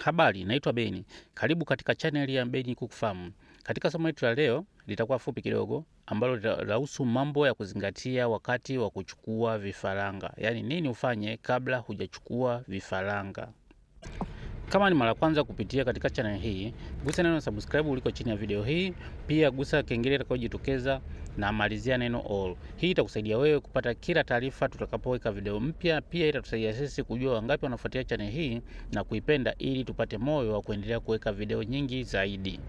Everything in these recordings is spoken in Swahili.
Habari, naitwa Beni. Karibu katika chaneli ya Beni Kuku Farm. Katika somo letu la leo litakuwa fupi kidogo, ambalo litahusu mambo ya kuzingatia wakati wa kuchukua vifaranga, yaani nini ufanye kabla hujachukua vifaranga. Kama ni mara kwanza kupitia katika channel hii, gusa neno subscribe uliko chini ya video hii, pia gusa kengele itakayojitokeza na malizia neno all. Hii itakusaidia wewe kupata kila taarifa tutakapoweka video mpya, pia itatusaidia sisi kujua wangapi wanafuatia channel hii na kuipenda, ili tupate moyo wa kuendelea kuweka video nyingi zaidi.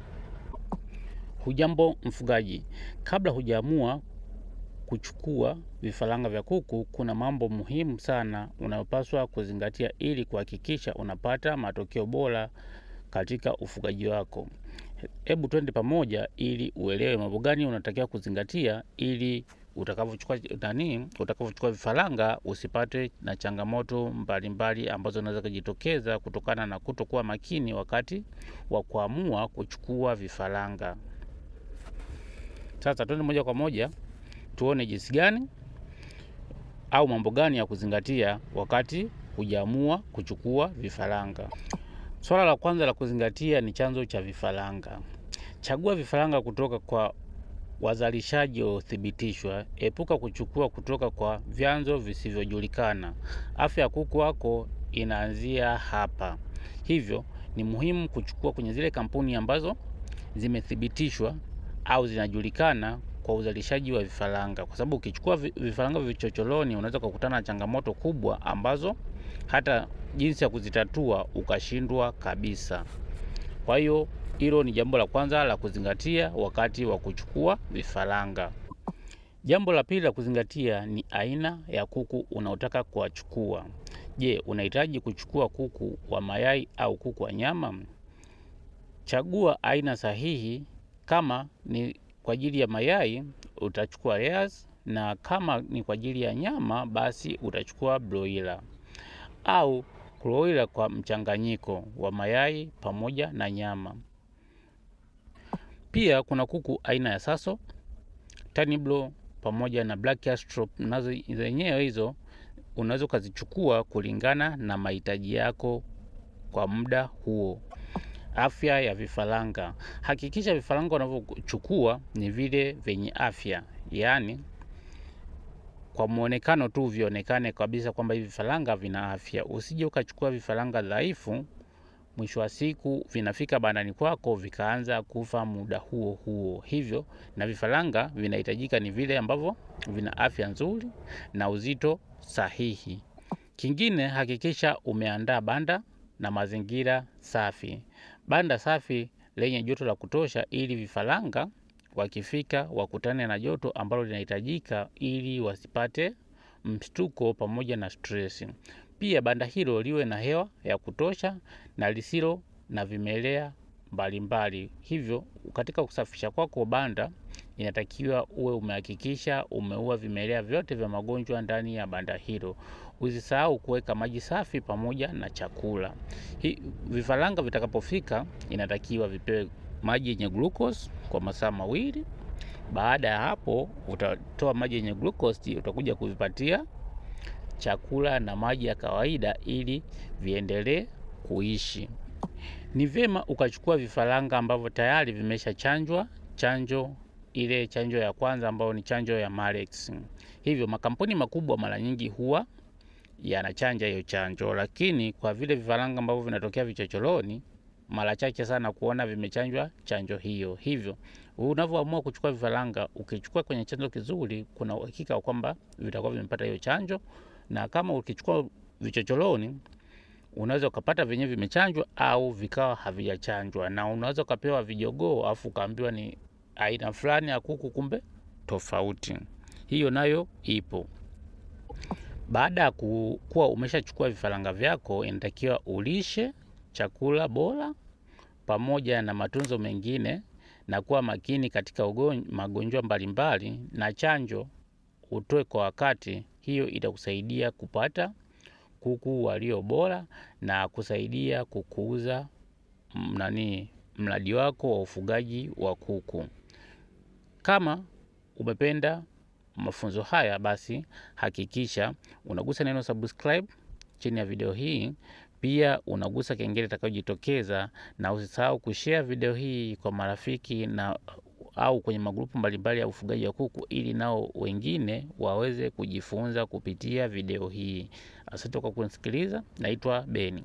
Hujambo mfugaji, kabla hujaamua kuchukua vifaranga vya kuku, kuna mambo muhimu sana unayopaswa kuzingatia ili kuhakikisha unapata matokeo bora katika ufugaji wako. Hebu twende pamoja ili uelewe mambo gani unatakiwa kuzingatia ili utakavyochukua nani, utakavyochukua vifaranga usipate na changamoto mbalimbali mbali ambazo unaweza kujitokeza kutokana na kutokuwa makini wakati wa kuamua kuchukua vifaranga. Sasa twende moja kwa moja tuone jinsi gani au mambo gani ya kuzingatia wakati hujamua kuchukua vifaranga. Swala la kwanza la kuzingatia ni chanzo cha vifaranga. Chagua vifaranga kutoka kwa wazalishaji waliothibitishwa. Epuka kuchukua kutoka kwa vyanzo visivyojulikana. Afya ya kuku wako inaanzia hapa, hivyo ni muhimu kuchukua kwenye zile kampuni ambazo zimethibitishwa au zinajulikana kwa uzalishaji wa vifaranga, kwa sababu ukichukua vifaranga vichocholoni unaweza kukutana na changamoto kubwa ambazo hata jinsi ya kuzitatua ukashindwa kabisa. Kwa hiyo hilo ni jambo la kwanza la kuzingatia wakati wa kuchukua vifaranga. Jambo la pili la kuzingatia ni aina ya kuku unaotaka kuwachukua. Je, unahitaji kuchukua kuku wa mayai au kuku wa nyama? Chagua aina sahihi. Kama ni kwa ajili ya mayai utachukua layers, na kama ni kwa ajili ya nyama basi utachukua broiler au broiler kwa mchanganyiko wa mayai pamoja na nyama. Pia kuna kuku aina ya Saso, Taniblo pamoja na Black Astrop, nazo zenyewe hizo unaweza ukazichukua kulingana na mahitaji yako kwa muda huo. Afya ya vifaranga: hakikisha vifaranga wanavyochukua ni vile vyenye afya, yaani kwa muonekano tu vionekane kabisa kwamba hivi vifaranga vina afya. Usije ukachukua vifaranga dhaifu, mwisho wa siku vinafika bandani kwako vikaanza kufa muda huo huo. Hivyo na vifaranga vinahitajika ni vile ambavyo vina afya nzuri na uzito sahihi. Kingine, hakikisha umeandaa banda na mazingira safi. Banda safi lenye joto la kutosha ili vifaranga wakifika wakutane na joto ambalo linahitajika ili wasipate mshtuko pamoja na stress. Pia banda hilo liwe na hewa ya kutosha na lisilo na vimelea mbalimbali. Hivyo katika kusafisha kwako banda inatakiwa uwe umehakikisha umeua vimelea vyote vya magonjwa ndani ya banda hilo. Usisahau kuweka maji safi pamoja na chakula. vifaranga vitakapofika inatakiwa vipewe maji yenye glucose kwa masaa mawili. Baada ya hapo utatoa maji yenye glucose, utakuja kuvipatia chakula na maji ya kawaida ili viendelee kuishi. Ni vyema ukachukua vifaranga ambavyo tayari vimeshachanjwa chanjo ile chanjo ya kwanza ambayo ni chanjo ya Marex. Hivyo makampuni makubwa mara nyingi huwa yanachanja hiyo chanjo, lakini kwa vile vifaranga ambavyo vinatokea vichocholoni mara chache sana kuona vimechanjwa chanjo hiyo. Hivyo unavyoamua kuchukua vifaranga, ukichukua kwenye chanzo kizuri, kuna uhakika kwamba vitakuwa vimepata hiyo chanjo, na kama ukichukua vichocholoni unaweza ukapata vyenyewe vimechanjwa au vikawa havijachanjwa, na unaweza ukapewa vijogoo afu ukaambiwa ni aina fulani ya kuku, kumbe tofauti. Hiyo nayo ipo. Baada ya kuwa umeshachukua vifaranga vyako, inatakiwa ulishe chakula bora pamoja na matunzo mengine na kuwa makini katika magonjwa mbalimbali na chanjo utoe kwa wakati. Hiyo itakusaidia kupata kuku walio bora na kusaidia kukuza mm, nani mradi wako wa ufugaji wa kuku. Kama umependa mafunzo haya, basi hakikisha unagusa neno subscribe chini ya video hii. Pia unagusa kengele itakayojitokeza, na usisahau kushare video hii kwa marafiki na au kwenye magrupu mbalimbali ya ufugaji wa kuku, ili nao wengine waweze kujifunza kupitia video hii. Asante kwa kunisikiliza. Naitwa Beni.